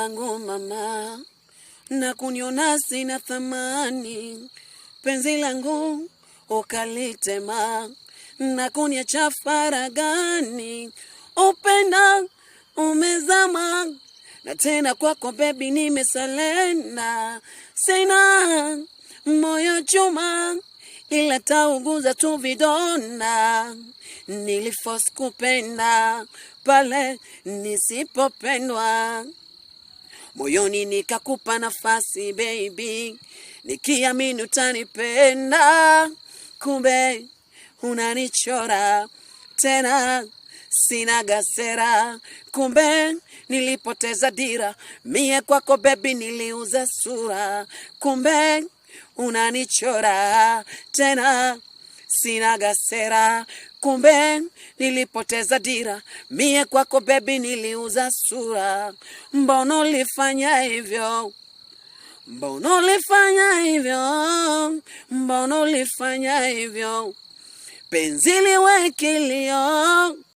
Angu mama na kuniona sina thamani, penzi langu ukalitema na kuniacha faragani, upenda umezama na tena kwako bebi nimesalena, sina moyo chuma ila tauguza tu vidona. Nilifos kupenda pale nisipopendwa moyoni nikakupa nafasi baby, nikiamini utanipenda, kumbe unanichora tena sina gasera kumbe nilipoteza dira mie kwako bebi, niliuza sura, kumbe unanichora tena sina gasera, kumbe nilipoteza dira, mie kwako bebi niliuza sura. Mbona ulifanya hivyo? Mbona ulifanya hivyo? Mbona ulifanya hivyo? penzi liwe kilio